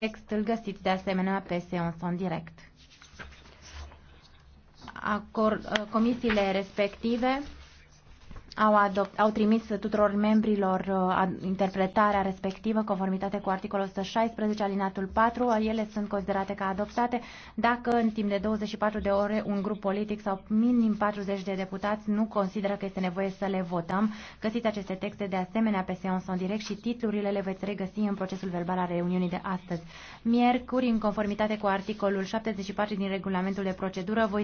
Text îl găsiți de asemenea pe Seonson Direct. Acord, uh, comisiile respective au, adopt, au trimis tuturor membrilor uh, interpretarea respectivă, conformitate cu articolul 116 alinatul 4. Ele sunt considerate ca adoptate dacă în timp de 24 de ore un grup politic sau minim 40 de deputați nu consideră că este nevoie să le votăm. Găsiți aceste texte de asemenea pe Seanson Direct și titlurile le veți regăsi în procesul verbal al reuniunii de astăzi. Miercuri, în conformitate cu articolul 74 din regulamentul de procedură, voi